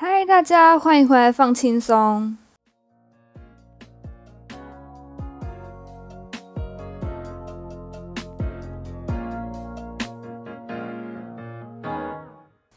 嗨，Hi，大家歡迎回來放輕鬆。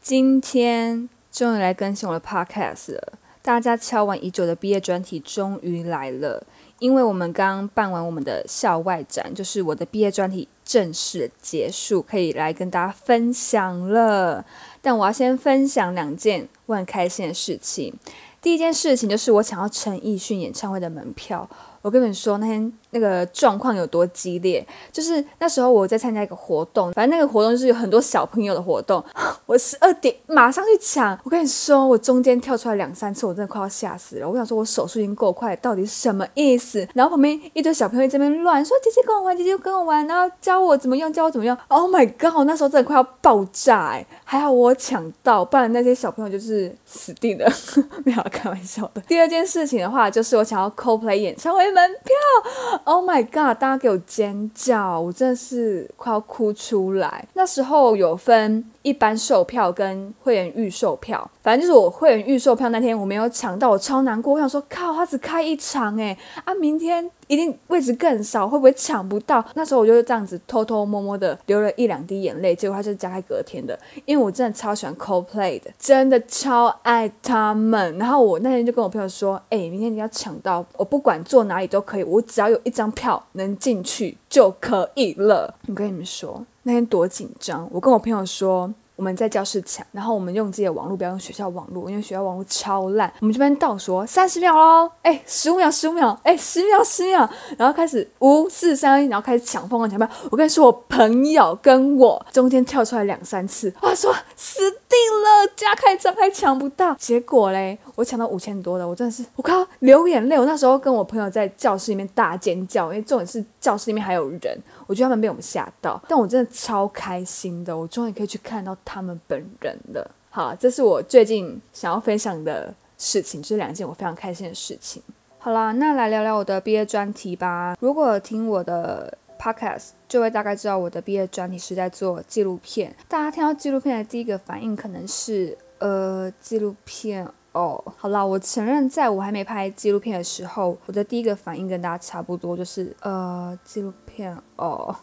今天終於來更新我的 podcast 了，大家敲碗已久的畢業專題終於來了，因為我們剛辦完我們的校外展，就是我的畢業專題正式結束，可以來跟大家分享了。但我要先分享兩件我很開心的事情。第一件事情就是我想要陳奕迅演唱會的門票。我跟你說，那天那個狀況有多激烈，就是那時候我在參加一個活動，反正那個活動就是有很多小朋友的活動。我十二點馬上去搶，我跟你說，我中間跳出來兩三次，我真的快要嚇死了。我想說，我手速已經夠快，到底是什麼意思？然後旁邊一堆小朋友在那邊亂說，姐姐跟我玩，姐姐跟我玩，然後教我怎麼用，教我怎麼用。Oh my god，那時候真的快要爆炸哎、欸！還好我搶到，不然那些小朋友就是死定了。 沒有開玩笑的。第二件事情的話，就是我想要 Coldplay 演唱會門票！Oh my God！大家給我尖叫，我真的是快要哭出來。那時候有分一般售票跟會員預售票，反正就是我會員預售票那天我沒有搶到，我超難過。我想說靠，他只開一場誒啊，明天一定位置更少，會不會搶不到？那時候我就這樣子偷偷摸摸的流了一兩滴眼淚。結果他就是加開隔天的，因為我真的超喜歡 Coldplay 的，真的超愛他們。然後我那天就跟我朋友說，誒，明天你要搶到，我不管坐哪裡都可以，我只要有一張票能進去就可以了。我跟你們說。那天多緊張，我跟我朋友說。我們在教室搶，然後我們用自己的網絡，不要用學校網絡，因為學校網絡超爛。我們這邊倒數三十秒咯，哎，十五秒，十五秒，哎，十秒，十秒，然後開始五、四、三、一，然後開始搶，瘋狂搶票。我跟你說，我朋友跟我中間跳出來兩三次，啊，說死定了，加開張還搶不到。結果嘞，我搶到五千多的，我真的是我靠，流眼淚。我那時候跟我朋友在教室裡面大尖叫，因為重點是教室裡面還有人，我覺得他們被我們嚇到。但我真的超開心的，我終於可以去看到。他們本人的好，這是我最近想要分享的事情，這是兩件我非常開心的事情。好啦，那來聊聊我的畢業專題吧。如果聽我的 podcast，就會大概知道我的畢業專題是在做紀錄片。大家聽到紀錄片的第一個反應可能是，呃，紀錄片哦。好啦，我承認，在我還沒拍紀錄片的時候，我的第一個反應跟大家差不多，就是，呃，紀錄片哦。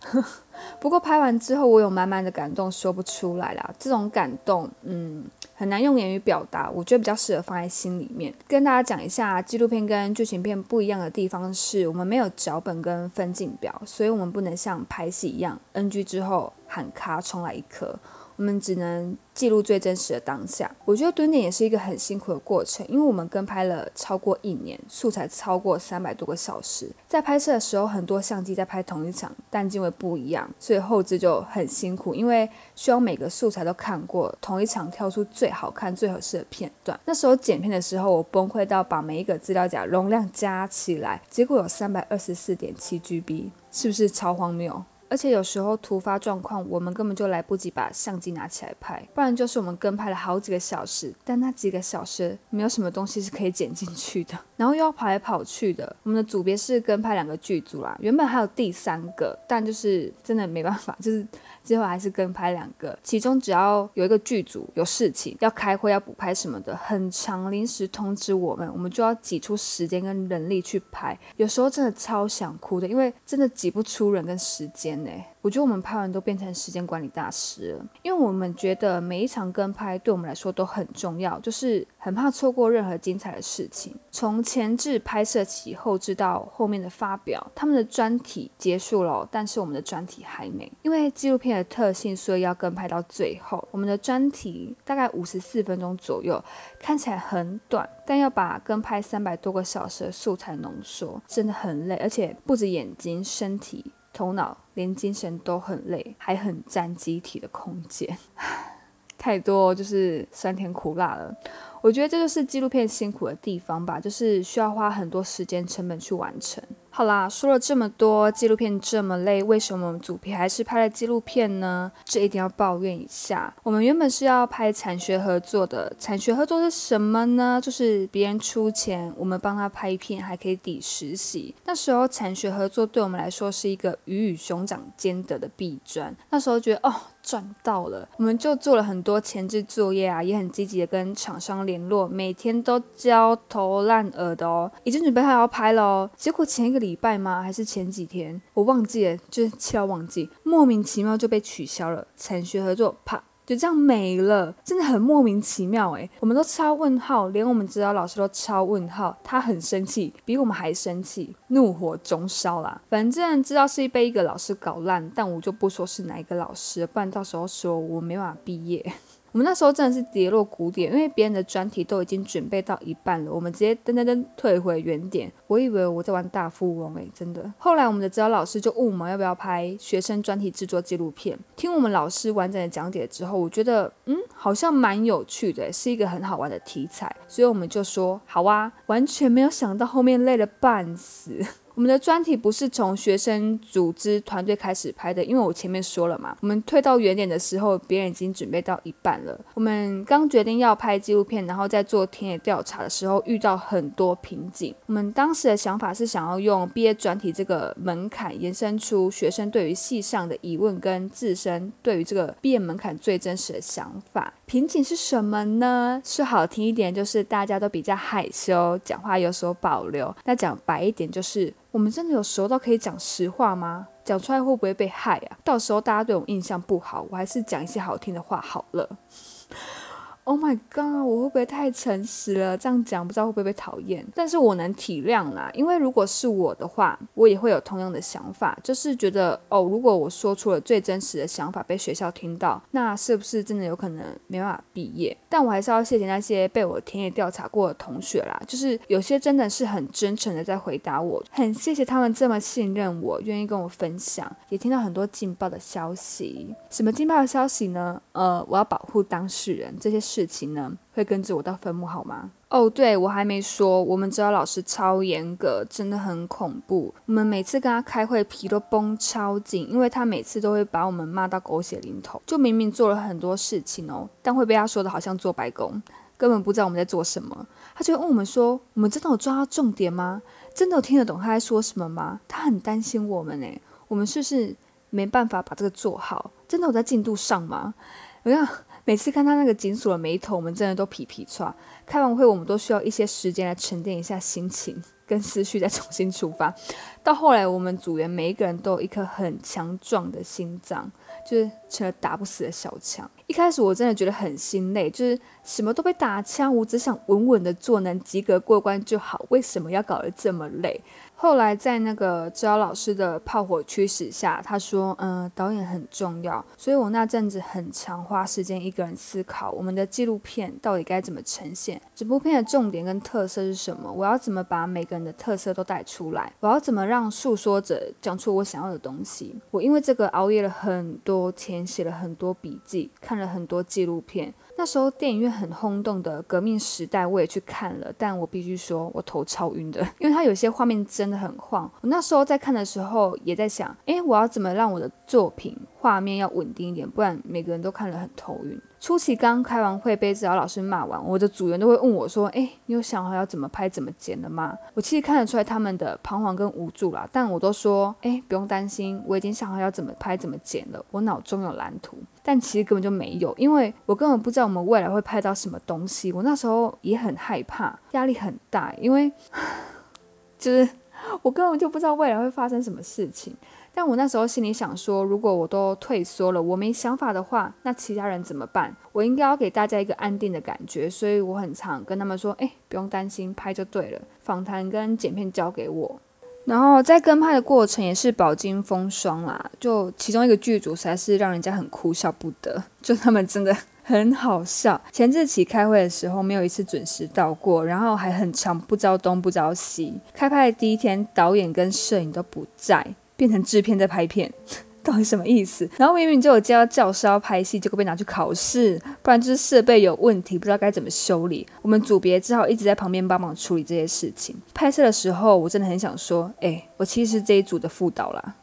不過拍完之後，我有滿滿的感動，說不出來啦。這種感動，嗯，很難用言語表達。我覺得比較適合放在心裡面。跟大家講一下，紀錄片跟劇情片不一樣的地方是，我們沒有腳本跟分鏡表，所以我們不能像拍戲一樣，NG 之後喊卡，重來一顆。我們只能記錄最真實的當下。我覺得蹲點也是一個很辛苦的過程，因為我們跟拍了超過一年，素材超過三百多個小時。在拍攝的時候，很多相機在拍同一場，但機位不一樣，所以後製就很辛苦，因為需要每個素材都看過，同一場挑出最好看、最合適的片段。那時候剪片的時候，我崩潰到把每一個資料夾容量加起來，結果有三百二十四點七 GB，是不是超荒謬？而且有時候突發狀況，我們根本就來不及把相機拿起來拍，不然就是我們跟拍了好幾個小時，但那幾個小時沒有什麼東西是可以剪進去的，然後又要跑來跑去的。我們的組別是跟拍兩個劇組啦，原本還有第三個，但就是真的沒辦法，就是最後還是跟拍兩個。其中只要有一個劇組有事情要開會、要補拍什麼的，很常臨時通知我們，我們就要擠出時間跟人力去拍。有時候真的超想哭的，因為真的擠不出人跟時間。我覺得我們拍完都變成時間管理大師了，因為我們覺得每一場跟拍對我們來說都很重要，就是很怕錯過任何精彩的事情。從前置拍攝起，後置到後面的發表，他們的專題結束了，哦，但是我們的專題還沒。因為紀錄片的特性，所以要跟拍到最後。我們的專題大概五十四分鐘左右，看起來很短，但要把跟拍三百多個小時的素材濃縮，真的很累，而且不止眼睛，身體。頭腦，連精神都很累，還很占記憶體的空間， 太多就是酸甜苦辣了。我覺得這就是紀錄片辛苦的地方吧，就是需要花很多時間成本去完成。好啦，說了這麼多紀錄片這麼累，為什麼我們組片還是拍了紀錄片呢？這一定要抱怨一下。我們原本是要拍產學合作的，產學合作是什麼呢？就是別人出錢，我們幫他拍片，還可以抵實習。那時候產學合作對我們來說是一個魚與熊掌兼得的必賺。那時候覺得哦賺到了，我們就做了很多前置作業啊，也很積極的跟廠商聯絡，每天都焦頭爛額的哦，已經準備好要拍了哦，結果前一個禮。禮拜嗎？還是前幾天？我忘記了，就是超忘記，莫名其妙就被取消了。產學合作，啪，就這樣沒了，真的很莫名其妙誒、欸，我們都超問號，連我們指導老師都超問號，他很生氣，比我們還生氣，怒火中燒啦。反正知道是被一個老師搞爛，但我就不說是哪一個老師，不然到時候說我沒辦法畢業。我們那時候真的是跌落谷底，因為別人的專題都已經準備到一半了，我們直接噔噔噔退回原點。我以為我在玩大富翁哎、欸，真的。後來我們的指導老師就問我們要不要拍學生專題制作紀錄片，聽我們老師完整的講解之後，我覺得嗯，好像蠻有趣的、欸，是一個很好玩的題材，所以我們就說好哇、啊。完全沒有想到後面累得半死。我們的專題不是從學生組織團隊開始拍的，因為我前面說了嘛，我們退到原點的時候，別人已經準備到一半了。我們剛決定要拍紀錄片，然後在做田野調查的時候，遇到很多瓶頸。我們當時的想法是想要用畢業專題這個門檻，延伸出學生對於系上的疑問跟自身對於這個畢業門檻最真實的想法。瓶頸是什麼呢？說好聽一點，就是大家都比較害羞，講話有所保留；那講白一點，就是。我們真的有熟到可以講實話嗎？講出來會不會被害啊？到時候大家對我們印象不好，我還是講一些好聽的話好了。Oh my god，我會不會太誠實了？這樣講不知道會不會被討厭？但是我能體諒啦，因為如果是我的話，我也會有同樣的想法，就是覺得哦，如果我說出了最真實的想法被學校聽到，那是不是真的有可能沒辦法畢業？但我還是要謝謝那些被我田野調查過的同學啦，就是有些真的是很真誠的在回答我，很謝謝他們這麼信任我，願意跟我分享，也聽到很多勁爆的消息。什麼勁爆的消息呢？呃，我要保護當事人，這些。事情呢會跟着我到墳墓，好嗎？哦，對，我還沒說，我們指導老師超嚴格，真的很恐怖。我們每次跟他開會，皮都繃超緊，因為他每次都會把我們罵到狗血淋頭。就明明做了很多事情哦，但會被他說的好像做白工，根本不知道我們在做什麼。他就會問我們說：我們真的有抓到重點嗎？真的有聽得懂他在說什麼嗎？他很擔心我們呢。我們是不是沒辦法把這個做好？真的有在進度上嗎？我要。每次看他那個緊鎖的眉頭，我們真的都皮皮剉。開完會，我們都需要一些時間來沉澱一下心情跟思緒，再重新出發。到後來，我們組員每一個人都有一顆很強壯的心臟，就是。打不死的小強。一開始我真的覺得很心累，就是什麼都被打槍，我只想穩穩的做，能及格過關就好。為什麼要搞得這麼累？後來在那個指導老師的炮火驅使下，他說：“嗯，導演很重要。”所以，我那陣子很常，花時間一個人思考，我們的紀錄片到底該怎麼呈現？這部片的重點跟特色是什麼？我要怎麼把每個人的特色都帶出來？我要怎麼讓訴說者講出我想要的東西？我因為這個熬夜了很多天。寫了很多筆記，看了很多紀錄片。那時候電影院很轟動的《革命時代》，我也去看了，但我必須說，我頭超暈的，因為他有些畫面真的很晃。我那時候在看的時候，也在想，誒、欸，我要怎麼讓我的作品？畫面要穩定一點，不然每個人都看得很頭暈。初期剛開完會被指導老師罵完，我的組員都會問我說：“欸，你有想好要怎麼拍、怎麼剪了嗎？”我其實看得出來他們的彷徨跟無助啦。但我都說：“欸，不用擔心，我已經想好要怎麼拍、怎麼剪了，我腦中有藍圖。”但其實根本就沒有，因為我根本不知道我們未來會拍到什麼東西。我那時候也很害怕，壓力很大，因為就是我根本就不知道未來會發生什麼事情。但我那時候心裡想說，如果我都退縮了，我沒想法的話，那其他人怎麼辦？我應該要給大家一個安定的感覺，所以我很常跟他們說：“哎、欸，不用擔心，拍就對了。”訪談跟剪片交給我。然後在跟拍的過程也是飽經風霜啦，就其中一個劇組才是讓人家很哭笑不得，就他們真的很好笑。前置期開會的時候沒有一次準時到過，然後還很常不着東不着西。開拍的第一天，導演跟攝影都不在。變成製片在拍片，到底什麼意思？然後明明就有借教室要拍戲，結果被拿去考試，不然就是設備有問題，不知道該怎麼修理。我們組別只好一直在旁邊幫忙處理這些事情。拍攝的時候，我真的很想說，哎、欸，我其實是這一組的副導啦。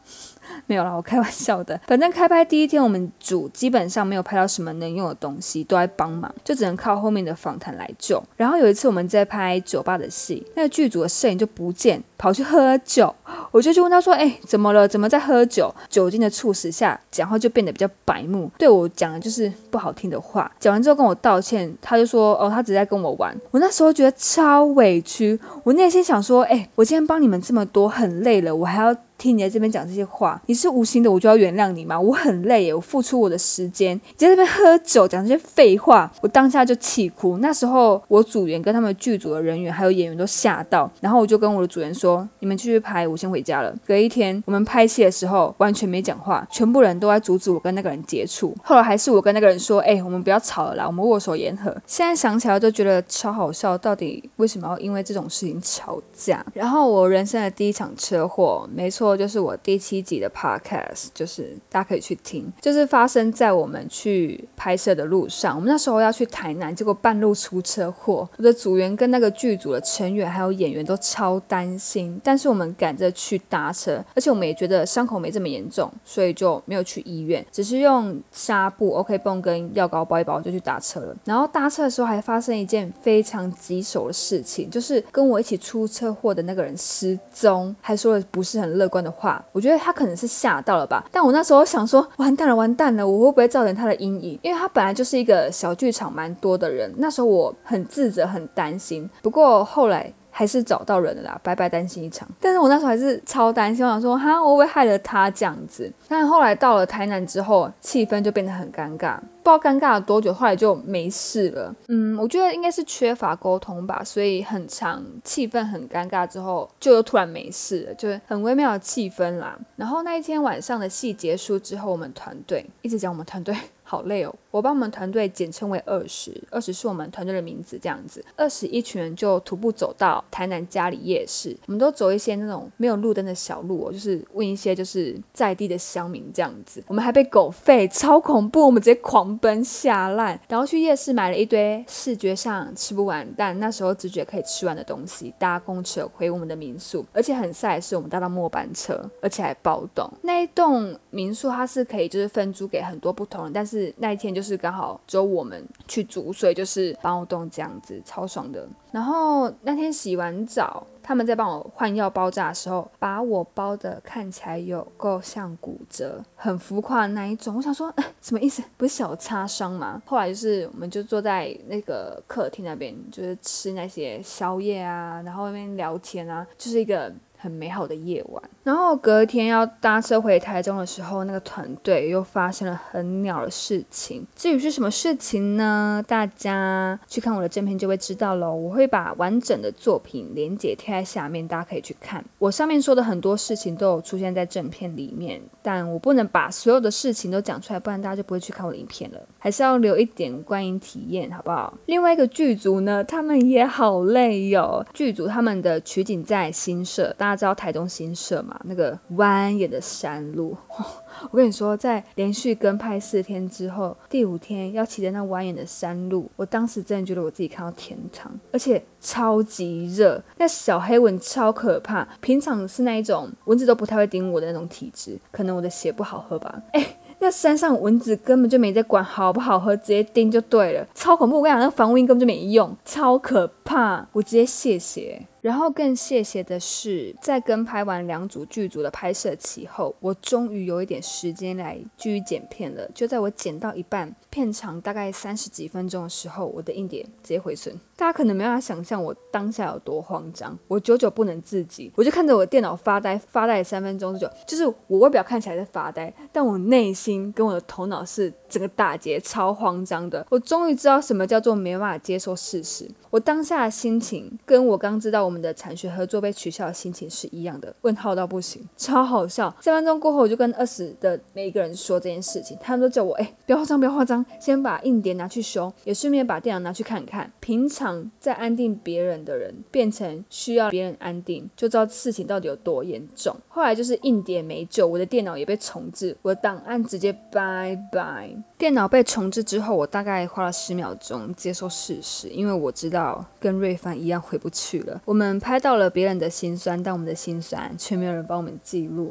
沒有啦，我開玩笑的。反正開拍第一天，我們組基本上沒有拍到什麼能用的東西，都在幫忙，就只能靠後面的訪談來救。然後有一次我們在拍酒吧的戲，那個劇組的攝影就不見，跑去喝酒。我就去問他說：“欸，怎麼了？怎麼在喝酒？”酒精的促使下，講話就變得比較白目，對我講的就是不好聽的話。講完之後跟我道歉，他就說：“哦，他只在跟我玩。”我那時候覺得超委屈，我內心想說：“欸，我今天幫你們這麼多，很累了，我還要。”聽你在這邊講這些話，你是無心的，我就要原諒你嗎？我很累耶，我付出我的時間，你在這邊喝酒講這些廢話，我當下就氣哭。那時候我組員跟他們劇組的人員還有演員都嚇到，然後我就跟我的組員說，你們繼續拍，我先回家了。隔一天我們拍戲的時候完全沒講話，全部人都在阻止我跟那個人接觸。後來還是我跟那個人說，哎、欸，我們不要吵了啦，我們握手言和。現在想起來都覺得超好笑，到底為什麼要因為這種事情吵架？然後我人生的第一場車禍，沒錯。就是我第七集的 podcast，就是大家可以去聽，就是發生在我們去拍攝的路上。我們那時候要去台南，結果半路出車禍，我的組員跟那個劇組的成員還有演員都超擔心。但是我們趕着去搭車，而且我們也覺得傷口沒這麼嚴重，所以就沒有去醫院，只是用紗布、OK 繃跟藥膏包一包就去搭車了。然後搭車的時候還發生一件非常棘手的事情，就是跟我一起出車禍的那個人失蹤，還說的不是很樂觀。的話，我覺得他可能是嚇到了吧。但我那時候想說，完蛋了，完蛋了，我會不會造成他的陰影？因為他本來就是一個小劇場，蠻多的人。那時候我很自責，很擔心。不過後來。還是找到人了啦，白白擔心一場。但是我那時候還是超擔心，我想說哈，我會害了他這樣子。但後來到了台南之後，氣氛就變得很尷尬，不知道尷尬了多久，後來就沒事了。嗯，我覺得應該是缺乏溝通吧，所以很常，氣氛很尷尬之後就又突然沒事了，就是很微妙的氣氛啦。然後那一天晚上的戲結束之後，我們團隊一直講我們團隊。好累哦！我幫我們團隊簡稱為二十，二十是我們團隊的名字，這樣子，二十一群人就徒步走到台南佳里夜市，我們都走一些那種沒有路燈的小路哦，就是問一些就是在地的鄉民這樣子，我們還被狗吠超恐怖，我們直接狂奔下來，然後去夜市買了一堆視覺上吃不完，但那時候直覺可以吃完的東西，搭公車回我們的民宿，而且很塞，是我們搭到末班車，而且還暴動。那一棟民宿它是可以就是分租給很多不同人，但是。是那一天，就是剛好只有我們去煮水，所以就是幫我動。這樣子，超爽的。然後那天洗完澡，他們在幫我換藥包紮的時候，把我包得看起來有夠像骨折，很浮誇的那一種。我想說，呃，什麼意思？不是小擦傷嗎？後來就是，我們就坐在那個客廳那邊，就是吃那些宵夜啊，然後那邊聊天啊，就是一個。很美好的夜晚，然後隔天要搭車回台中的時候，那個團隊又發生了很鳥的事情。至於是什麼事情呢？大家去看我的正片就會知道了。我會把完整的作品連接貼在下面，大家可以去看。我上面說的很多事情都有出現在正片裡面，但我不能把所有的事情都講出來，不然大家就不會去看我的影片了。還是要留一點觀影體驗，好不好？另外一個劇組呢，他們也好累喲、哦。劇組他們的取景在新社。大家知道台中新社嘛？那個蜿蜒的山路，我跟你說，在連續跟拍四天之後，第五天要騎在那蜿蜒的山路，我當時真的覺得我自己看到天堂，而且超級熱，那小黑蚊超可怕。平常是那一種蚊子都不太會叮我的那種體質，可能我的血不好喝吧？欸，那山上蚊子根本就沒在管好不好喝，直接叮就對了，超恐怖！我跟你講，那個防蚊根本就沒用，超可怕，我直接卸血。然後更謝謝的是，在跟拍完兩組劇組的拍攝期後，我終於有一點時間來繼續剪片了。就在我剪到一半，片長大概三十幾分鐘的時候，我的硬碟直接回存。大家可能沒辦法想象我當下有多慌張，我久久不能自己，我就看着我電腦發呆，發呆三分鐘之久。就是我外表看起來在發呆，但我內心跟我的頭腦是。整個大街超慌張的，我終於知道什麼叫做沒辦法接受事實。我當下的心情跟我剛知道我們的產學合作被取消的心情是一樣的，問號到不行，超好笑。三分鐘過後，我就跟二十的每一個人說這件事情，他們都叫我哎，欸，不要慌張，不要慌張，先把硬碟拿去修，也順便把電腦拿去看看。平常在安定別人的人，變成需要別人安定，就知道事情到底有多嚴重。後來就是硬碟沒救，我的電腦也被重置，我的檔案直接拜拜。電腦被重置之後，我大概花了十秒鐘接受事實，因為我知道跟瑞凡一樣回不去了。我們拍到了別人的心酸，但我們的心酸卻沒有人幫我們記錄。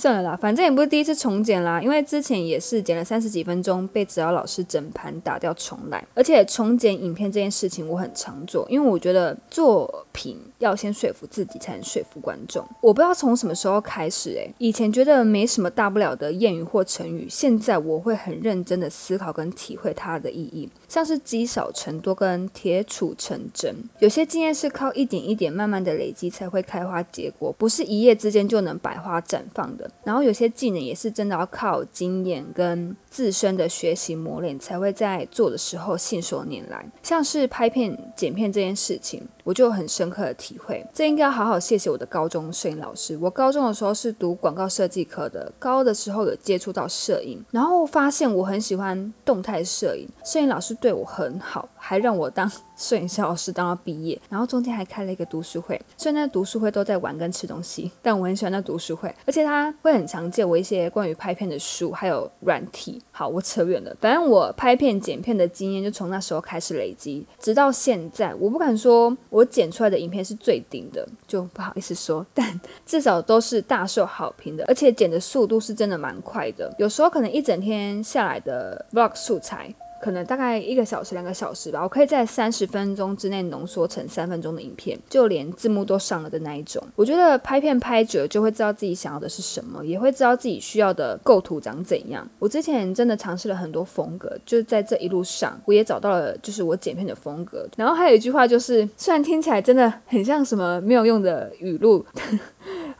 算了啦，反正也不是第一次重剪啦，因為之前也是剪了三十幾分鐘，被指導老師整盤打掉重來。而且重剪影片這件事情我很常做，因為我覺得作品要先說服自己，才能說服觀眾。我不知道從什麼時候開始欸，誒，以前覺得沒什麼大不了的諺語或成語，現在我會很認真的思考跟體會它的意義。像是積少成多跟鐵杵成針，有些經驗是靠一點一點慢慢的累積才會開花結果，不是一夜之間就能百花綻放的。然後有些技能也是真的要靠經驗跟自身的學習磨練，才會在做的時候信手拈來。像是拍片剪片這件事情。我就很深刻的體會，這應該要好好謝謝我的高中攝影老師。我高中的時候是讀廣告設計科的，高二的時候有接觸到攝影，然後發現我很喜歡動態攝影。攝影老師對我很好，還讓我當。攝影師老師當到畢業，然後中間還開了一個讀書會。雖然在讀書會都在玩跟吃東西，但我很喜歡在讀書會，而且他會很常借我一些關於拍片的書，還有軟體。好，我扯遠了，反正我拍片剪片的經驗就從那時候開始累積，直到現在，我不敢說我剪出來的影片是最頂的，就不好意思說，但至少都是大受好評的，而且剪的速度是真的蠻快的，有時候可能一整天下來的 Vlog 素材。可能大概一個小時、兩個小時吧，我可以在三十分鐘之內濃縮成三分鐘的影片，就連字幕都上了的那一種。我覺得拍片拍久了就會知道自己想要的是什麼，也會知道自己需要的構圖長怎樣。我之前真的嘗試了很多風格，就是在這一路上我也找到了就是我剪片的風格。然後還有一句話就是，雖然聽起來真的很像什麼沒有用的語錄。呵呵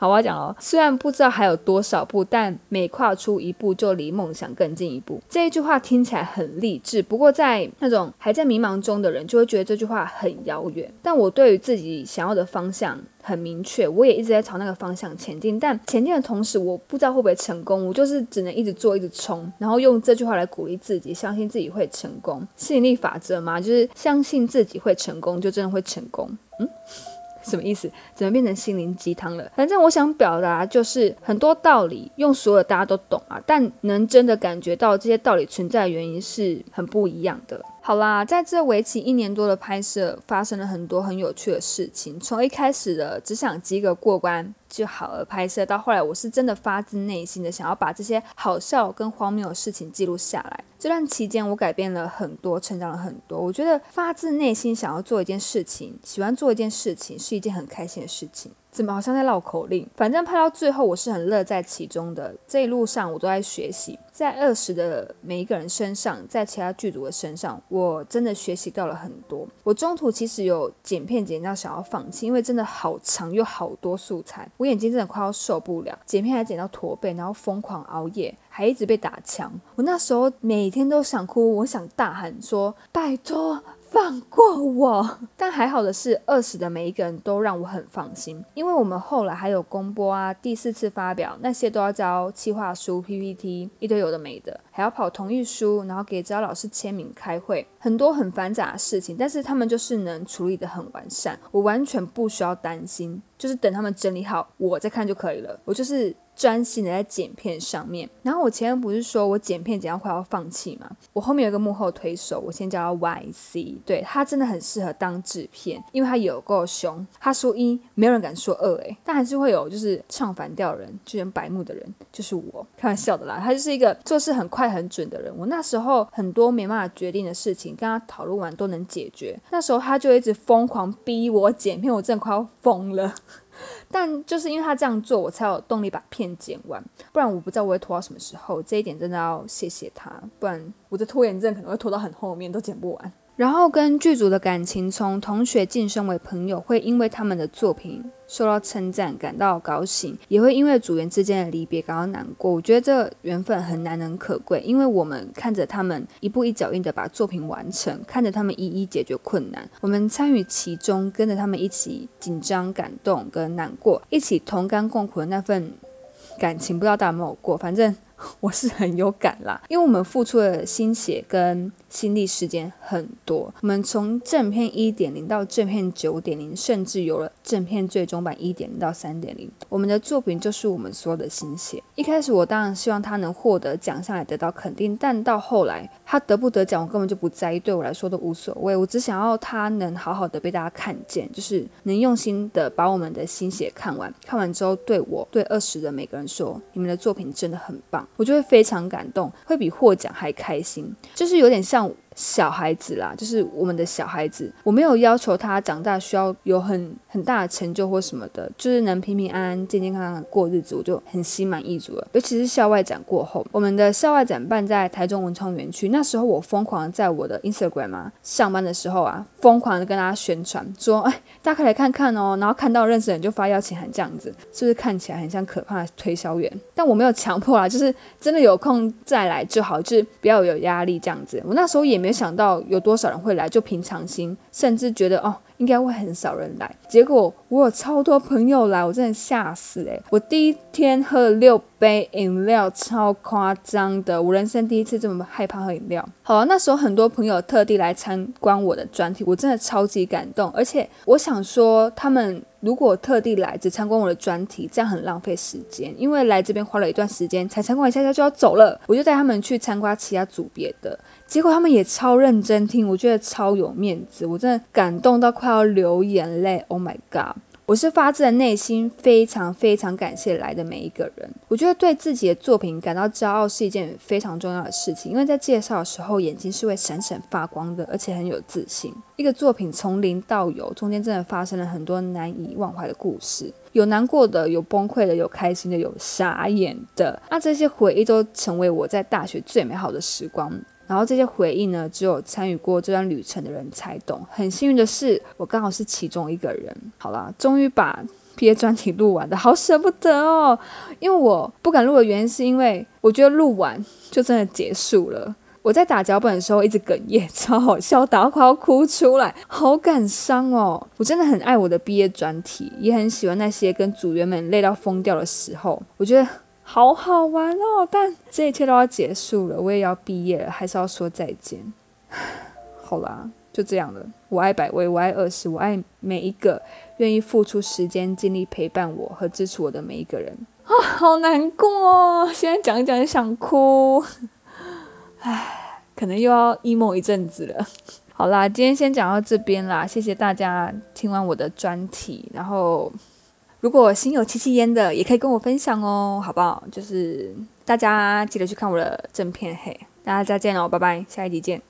好，我要講了哦。雖然不知道還有多少步，但每跨出一步，就離夢想更近一步。這一句話聽起來很勵志，不過在那種還在迷茫中的人，就會覺得這句話很遙遠。但我對於自己想要的方向很明確，我也一直在朝那個方向前進。但前進的同時，我不知道會不會成功，我就是只能一直做，一直衝，然後用這句話來鼓勵自己，相信自己會成功。吸引力法則嘛，就是相信自己會成功，就真的會成功。嗯。什麼意思？怎麼變成心靈雞湯了？反正我想表達就是很多道理，用所有大家都懂啊，但能真的感覺到這些道理存在的原因是很不一樣的。好啦，在這為期一年多的拍攝，發生了很多很有趣的事情。從一開始的只想及格過關就好了，拍攝到後來我是真的發自內心的想要把這些好笑跟荒謬的事情記錄下來。這段期間，我改變了很多，成長了很多。我覺得發自內心想要做一件事情，喜歡做一件事情，是一件很開心的事情。怎麼好像在繞口令？反正拍到最後，我是很樂在其中的。這一路上，我都在學習，在二十的每一個人身上，在其他劇組的身上，我真的學習到了很多。我中途其實有剪片剪到想要放棄，因為真的好長又好多素材，我眼睛真的快要受不了。剪片還剪到駝背，然後瘋狂熬夜，還一直被打槍。我那時候每天都想哭，我想大喊說：“拜托！”放過我，但還好的是，二十的每一個人都讓我很放心，因為我們後來還有公播啊，第四次發表那些都要交企劃書、PPT，一堆有的沒的，還要跑同意書，然後給指導老師簽名、開會，很多很繁雜的事情，但是他們就是能處理得很完善，我完全不需要擔心。就是等他們整理好，我再看就可以了。我就是專心的在剪片上面。然後我前面不是說我剪片剪到快要放棄嗎？我後面有一個幕後推手，我先叫他 YC，對，他真的很適合當制片，因為他有夠兇。他說一，沒有人敢說二欸，但還是會有就是唱反調人，居然白目的人，就是我開玩笑的啦。他就是一個做事很快很準的人。我那時候很多沒辦法決定的事情，跟他討論完都能解決。那時候他就一直瘋狂逼我剪片，我真的快要瘋了。 但就是因為他這樣做，我才有動力把片剪完，不然我不知道我會拖到什麼時候。這一點真的要謝謝他，不然我的拖延症可能會拖到很後面都剪不完。然後跟劇組的感情從同學晉升為朋友，會因為他們的作品受到稱讚感到高興，也會因為組員之間的離別感到難過。我覺得這緣分很難能可貴，因為我們看着他們一步一腳印的把作品完成，看着他們一一解決困難，我們參與其中，跟着他們一起緊張、感動跟難過，一起同甘共苦的那份感情，不知道大家有沒有過？反正。 我是很有感啦，因為我們付出的心血跟心力、時間很多。我們從正片一點零到正片九點零，甚至有了正片最終版一點零到三點零。我們的作品就是我們所有的心血。一開始我當然希望他能獲得獎項來得到肯定，但到後來他得不得獎我根本就不在意，對我來說都無所謂。我只想要他能好好的被大家看見，就是能用心的把我們的心血看完。看完之後，對我對二十的每個人說，你們的作品真的很棒。我就會非常感動，會比獲獎還開心，就是有點像小孩子啦，就是我們的小孩子，我沒有要求他長大需要有很很大的成就或什麼的，就是能平平安安、健健康康過日子，我就很心滿意足了。尤其是校外展過後，我們的校外展辦在台中文創園區，那時候我瘋狂地在我的 Instagram 啊，上班的時候啊，瘋狂的跟大家宣傳說，哎、欸，大家可以來看看哦、喔，然後看到認識人就發邀請函這樣子，是不是看起來很像可怕的推銷員？但我沒有強迫啊，就是真的有空再來就好，就是不要有壓力這樣子。我那時候也沒有。沒想到有多少人會來，就平常心，甚至覺得哦，應該會很少人來。結果我有超多朋友來，我真的嚇死誒。我第一天喝了六杯飲料，超誇張的，我人生第一次這麼害怕喝飲料。好，那時候很多朋友特地來參觀我的專題，我真的超級感動。而且我想說，他們如果特地來只參觀我的專題，這樣很浪費時間，因為來這邊花了一段時間才參觀一下下就要走了，我就帶他們去參觀其他組別的。結果他們也超認真聽，我覺得超有面子，我真的感動到快要流眼淚。Oh my God！我是發自內心非常非常感謝來的每一個人。我覺得對自己的作品感到驕傲是一件非常重要的事情，因為在介紹的時候眼睛是會閃閃發光的，而且很有自信。一個作品從零到有，中間真的發生了很多難以忘懷的故事，有難過的，有崩潰的，有開心的，有傻眼的。那這些回憶都成為我在大學最美好的時光。然後這些回憶呢，只有參與過這段旅程的人才懂。很幸運的是，我剛好是其中一個人。好啦，終於把畢業專題錄完的，好捨不得哦！因為我不敢錄的原因，是因為我覺得錄完就真的結束了。我在打腳本的時候一直哽咽，超好笑，打到快要哭出來，好感傷哦。我真的很愛我的畢業專題，也很喜歡那些跟組員們累到瘋掉的時候。我覺得。好好玩哦，但這一切都要結束了，我也要畢業了，還是要說再見。 好啦，就這樣了。我愛百味，我愛二十，我愛每一個願意付出時間、精力陪伴我和支持我的每一個人。啊、哦，好難過哦，現在講講就想哭。 唉，可能又要 emo 一陣子了。 好啦，今天先講到這邊啦，謝謝大家聽完我的專題，然後。如果心有戚戚焉的，也可以跟我分享哦，好不好？就是大家記得去看我的正片嘿，大家再見哦，拜拜，下一集見。